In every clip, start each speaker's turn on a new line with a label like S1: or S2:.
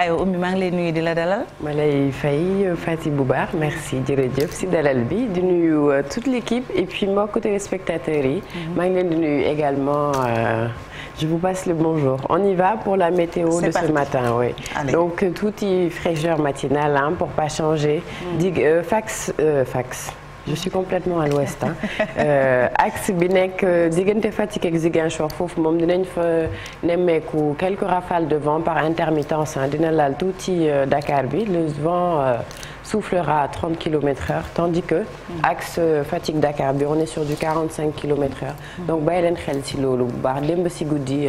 S1: aywa Oumy maa ngi lay nuyu di la dalal. ma lay fay Faty bu baax merci jërëjëf si dalal bi di nuyu euh, toute l'équipe et puis mbokk téléspectateurs yi. Mhm. maa ngi leen di nuyu également. Euh, je vous passe le bonjour. On y va pour la météo de parti. ce matin, oui. Allez. Donc euh, tout y fraîcheur matinale pour pas changer. Mhm. fax fax je suis complètement à l'ouest ah axe bi nekk euh, diggante Fatick ak Ziguinchor foofu moom dinañ fa nemmeeku quelques rafales de vent par intermittence dina laal tuuti euh, Dakar bi le vent soufflera à 30 kilomètres heure tandis que axe Fatick Dakar bi on est sur du 45 kilomètres heure mm. donc bàyyi leen xel ci loolu bu baax démb ci guddi.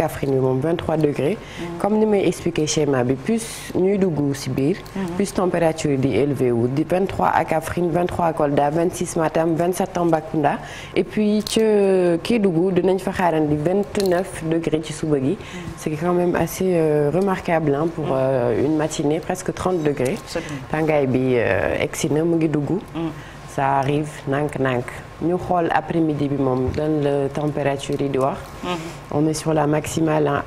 S1: Kaffrine bi moom 23 comme ni may expliquer schéma bi plus ñuy dugg ci biir. plus température di élevé wu di 23 à Kaffrine 23 à Kolda 26 Matam 27 Tambacounda et puis ca Kédougou dinañ fa xaarandi di degré ci suba gi. c' est quand même assez euh, remarquable hein, pour euh, une matinée presque 30 degré. bi euh, egsi na mu ngi dugg. Mm. ça arrive nànk ñu xool après midi bi moom lan la température yi di wax. Mhm. on est sur la maximale la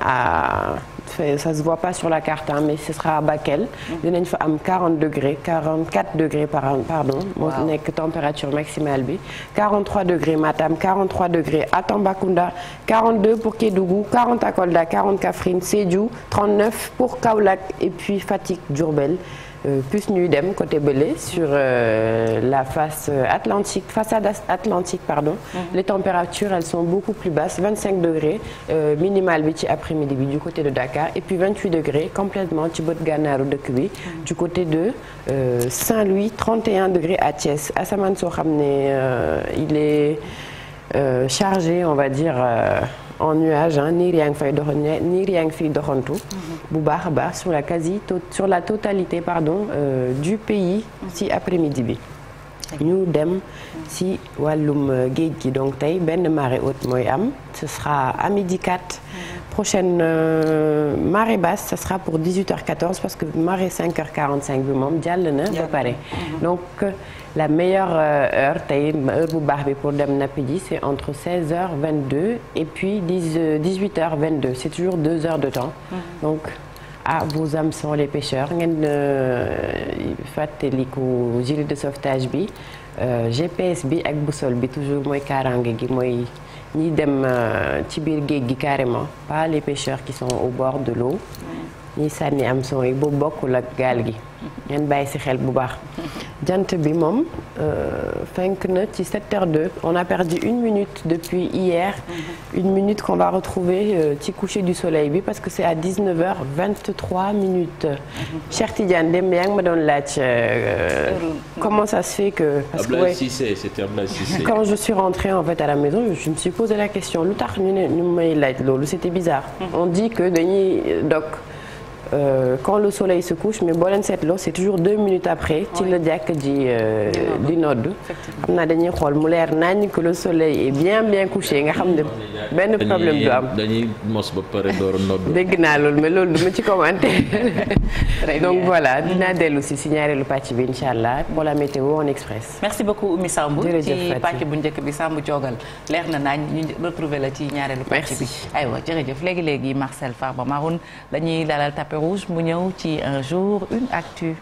S1: carte hein, mais mhm. dinañ fa am 40 degrés 44 degrés par pardon. moo nekk température maximale bi. 43 degrés Matam 43 degrés à Tambacounda 42 pour Kédougou 40 à Kolda 40 Kaffrine Sédhiou 39 pour Kaolack et puis Fatick Diourbel. Euh, plus ñuy dem côté bële sur euh, la face euh, atlantique façade atlantique pardon. Mhm. les températures elles sont beaucoup plus basses 25 degrés minimal bi ci après-midi bi du côté de Dakar et puis 28 degrés ci bët gànnaaru dëkk bi. Mhm. du côté de Saint-Louis 31 degrés à Thiès soo xam ne il est chargé on va en nuage niir yaa ngi fay dox niir yaa ngi fiy doxantu. bu baax a baax sur la quasi sur la totalité pardon euh, du pays. ci après-midi bi. ñu dem ci wàllum euh, géej gi donc tey benn marée haute mooy am ce sera à midi 4. prochaine euh, marée basse ce sera pour 18h14 parce que marée 5 h cinq bi moom jàll na ba pare mhm. donc euh, la meilleure euh, heure tey heure bu baax bi pour dem nappi ji c'est entre 16h22 et puis 18h22 euh, c'est toujours deux heures de temps mhm. donc ah vos âmes les pêcheurs ngeen fàttaliku gilet de sauvetage bi GPS bi ak boussole bi toujours mooy kaaraange gi mooy ñi dem euh, ci biir géej gi carrément pas les pêcheurs qui sont au bord de l'eau ñi sànni am son yi bu bokkul ak gaal gi ngeen bàyyi si xel bu baax jant bi moom euh, fenk na ci 7h02 on a perdu une minute depuis mhm. euh, ci coucher du soleil bi parce que c'est à 19h23 minutes mhm. Cheikh Tidiane dem yaa ngi ma doon laaj euh, comment ça se que parce que lu tax ñu ne ñu may laaj loolu c'était Euh, quand le soleil se couche mais boo leen seetloo c'est toujours deux minutes après. ci la jàkk ji euh, di nodd. xam naa dañuy xool mu leer nañ ko le soleil est bien bien couché nga xam ne benn problème du am. dañuy mos ba pare door nodd. dégg naa loolu mais loolu du ma ci commenté. donc voilà mm-hmm. dinaa dellu si si ñaareelu pàcc bi incha allah pour la météo en express. merci beaucoup Oumy Samb ci pàcc bu njëkk bi Samb joogal leer na naa ñu retrouver la ci ñaareelu pàcc bi. aywa jërëjëf léegi léegi Marcel rouge mu ñëw ci un euh, jour une actu